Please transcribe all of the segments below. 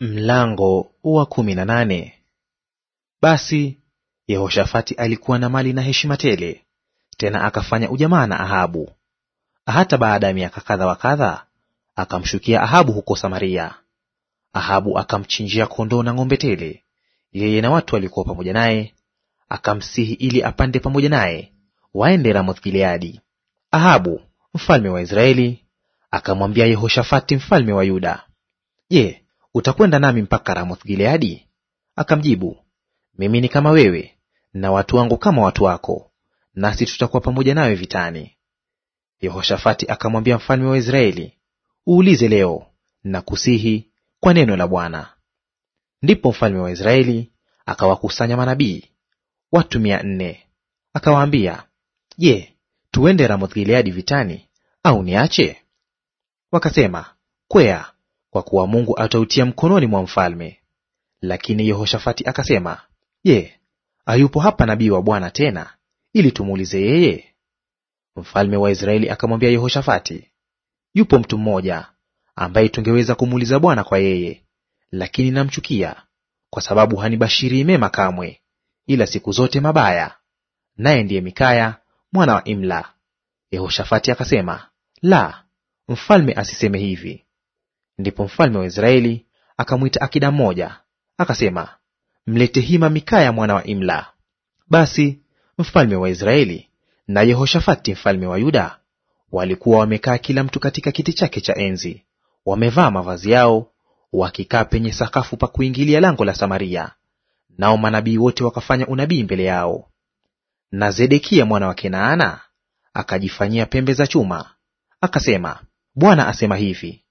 Mlango wa kumi na nane. Basi Yehoshafati alikuwa na mali na heshima tele, tena akafanya ujamaa na Ahabu. Hata baada ya miaka kadha wa kadha akamshukia Ahabu huko Samaria. Ahabu akamchinjia kondoo na ng'ombe tele, yeye na watu waliokuwa pamoja naye, akamsihi ili apande pamoja naye waende Ramoth Gileadi. Ahabu mfalme wa Israeli akamwambia Yehoshafati mfalme wa Yuda, Je, utakwenda nami mpaka Ramoth Gileadi? Akamjibu, mimi ni kama wewe na watu wangu kama watu wako, nasi tutakuwa pamoja nawe vitani. Yehoshafati akamwambia mfalme wa Israeli, uulize leo na kusihi kwa neno la Bwana. Ndipo mfalme wa Israeli akawakusanya manabii watu mia nne, akawaambia, Je, tuende Ramoth Gileadi vitani au niache? Wakasema, Kwea, kwa kuwa Mungu atautia mkononi mwa mfalme. Lakini Yehoshafati akasema, Je, hayupo hapa nabii wa Bwana tena ili tumuulize yeye? Mfalme wa Israeli akamwambia Yehoshafati, yupo mtu mmoja ambaye tungeweza kumuuliza Bwana kwa yeye, lakini namchukia, kwa sababu hanibashirii mema kamwe, ila siku zote mabaya, naye ndiye Mikaya mwana wa Imla. Yehoshafati akasema, la, mfalme asiseme hivi. Ndipo mfalme wa Israeli akamwita akida mmoja, akasema, mlete hima Mikaya mwana wa Imla. Basi mfalme wa Israeli na Yehoshafati mfalme wa Yuda walikuwa wamekaa kila mtu katika kiti chake cha enzi, wamevaa mavazi yao, wakikaa penye sakafu pa kuingilia lango la Samaria, nao manabii wote wakafanya unabii mbele yao. Na Zedekia mwana wa Kenaana akajifanyia pembe za chuma, akasema, Bwana asema hivi,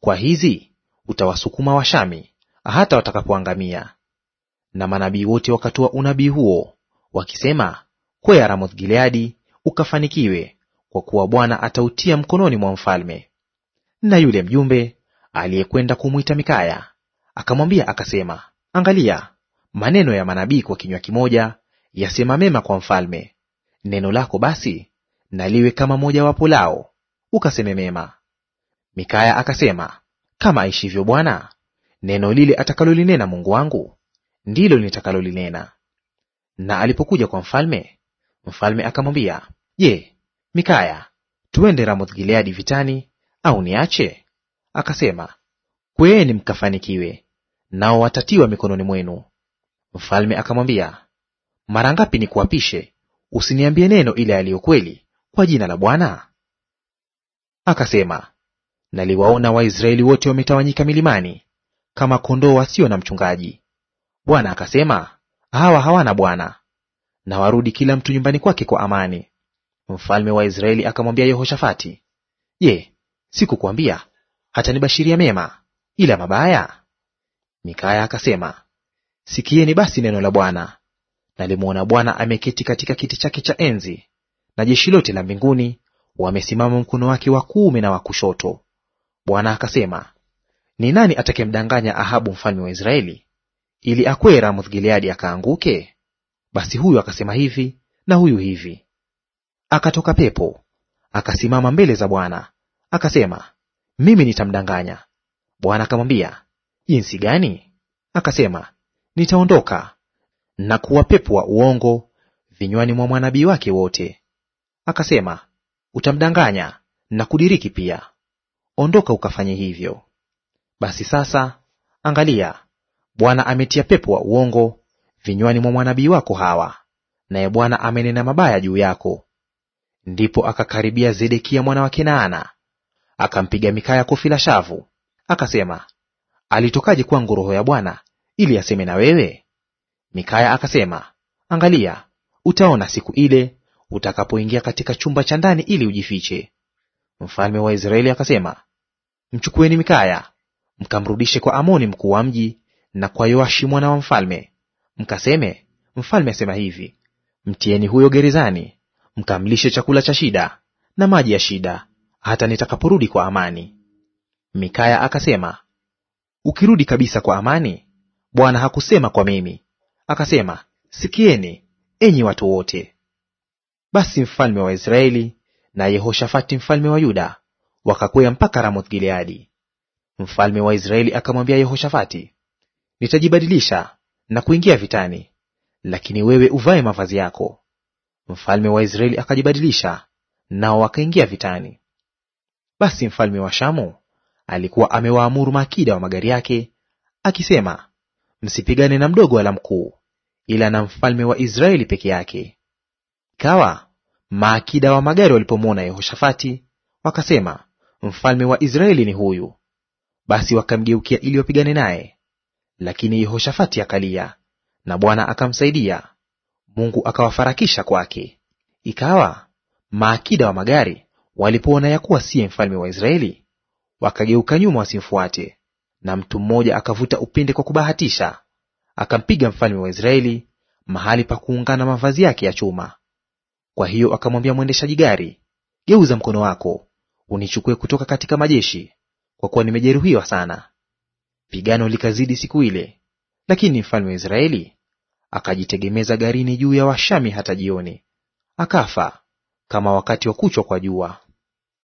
kwa hizi utawasukuma Washami hata watakapoangamia. Na manabii wote wakatoa unabii huo wakisema, Kwea Ramoth-Gileadi ukafanikiwe, kwa kuwa Bwana atautia mkononi mwa mfalme. Na yule mjumbe aliyekwenda kumwita Mikaya akamwambia akasema, Angalia, maneno ya manabii kwa kinywa kimoja yasema mema kwa mfalme. Neno lako basi na liwe kama mojawapo lao, ukaseme mema. Mikaya akasema, kama aishivyo Bwana, neno lile atakalolinena Mungu wangu ndilo nitakalolinena. Na alipokuja kwa mfalme, mfalme akamwambia, Je, Mikaya, tuende Ramoth Gileadi vitani au niache? Akasema, kweeni mkafanikiwe, nao watatiwa mikononi mwenu. Mfalme akamwambia, mara ngapi nikuapishe usiniambie neno ile yaliyo kweli kwa jina la Bwana? Akasema, Naliwaona Waisraeli wote wametawanyika milimani kama kondoo wasio na mchungaji. Bwana akasema, hawa hawana bwana, na warudi kila mtu nyumbani kwake kwa amani. Mfalme wa Israeli akamwambia Yehoshafati, Je, sikukwambia hatanibashiria mema ila mabaya? Mikaya akasema, sikieni basi neno la Bwana. Nalimwona Bwana ameketi katika kiti chake cha enzi, na jeshi lote la mbinguni wamesimama mkono wake wa kuume na wa kushoto. Bwana akasema, ni nani atakemdanganya Ahabu mfalme wa Israeli ili akwee Ramoth Gileadi akaanguke? Basi huyu akasema hivi na huyu hivi. Akatoka pepo akasimama mbele za Bwana akasema, mimi nitamdanganya. Bwana akamwambia, jinsi gani? Akasema, nitaondoka na kuwa pepo wa uongo vinywani mwa mwanabii wake wote. Akasema, utamdanganya na kudiriki pia ondoka ukafanye hivyo. Basi sasa, angalia, Bwana ametia pepo wa uongo vinywani mwa mwanabii wako hawa, naye Bwana amenena mabaya juu yako. Ndipo akakaribia Zedekia mwana wa Kenaana, akampiga Mikaya kofi la shavu, akasema, alitokaje kwangu roho ya Bwana ili aseme na wewe? Mikaya akasema, angalia, utaona siku ile utakapoingia katika chumba cha ndani ili ujifiche. Mfalme wa Israeli akasema, mchukueni Mikaya mkamrudishe kwa Amoni mkuu wa mji na kwa Yoashi mwana wa mfalme, mkaseme, mfalme asema hivi, mtieni huyo gerezani, mkamlishe chakula cha shida na maji ya shida, hata nitakaporudi kwa amani. Mikaya akasema, ukirudi kabisa kwa amani, Bwana hakusema kwa mimi. Akasema, sikieni enyi watu wote. Basi mfalme wa Israeli na Yehoshafati mfalme wa Yuda wakakwea mpaka Ramoth Gileadi. Mfalme wa Israeli akamwambia Yehoshafati, nitajibadilisha na kuingia vitani, lakini wewe uvae mavazi yako. Mfalme wa Israeli akajibadilisha, nao wakaingia vitani. Basi mfalme wa Shamu alikuwa amewaamuru maakida wa magari yake akisema, msipigane na mdogo wala mkuu, ila na mfalme wa Israeli peke yake. Ikawa maakida wa magari walipomwona Yehoshafati wakasema, mfalme wa Israeli ni huyu. Basi wakamgeukia ili wapigane naye, lakini Yehoshafati akalia, na Bwana akamsaidia, Mungu akawafarakisha kwake. Ikawa maakida wa magari walipoona ya kuwa siye mfalme wa Israeli, wakageuka nyuma wasimfuate. Na mtu mmoja akavuta upinde kwa kubahatisha, akampiga mfalme wa Israeli mahali pa kuungana mavazi yake ya chuma. Kwa hiyo akamwambia mwendeshaji gari, geuza mkono wako unichukue kutoka katika majeshi, kwa kuwa nimejeruhiwa sana. Pigano likazidi siku ile, lakini mfalme wa Israeli akajitegemeza garini juu ya Washami hata jioni, akafa kama wakati wa kuchwa kwa jua.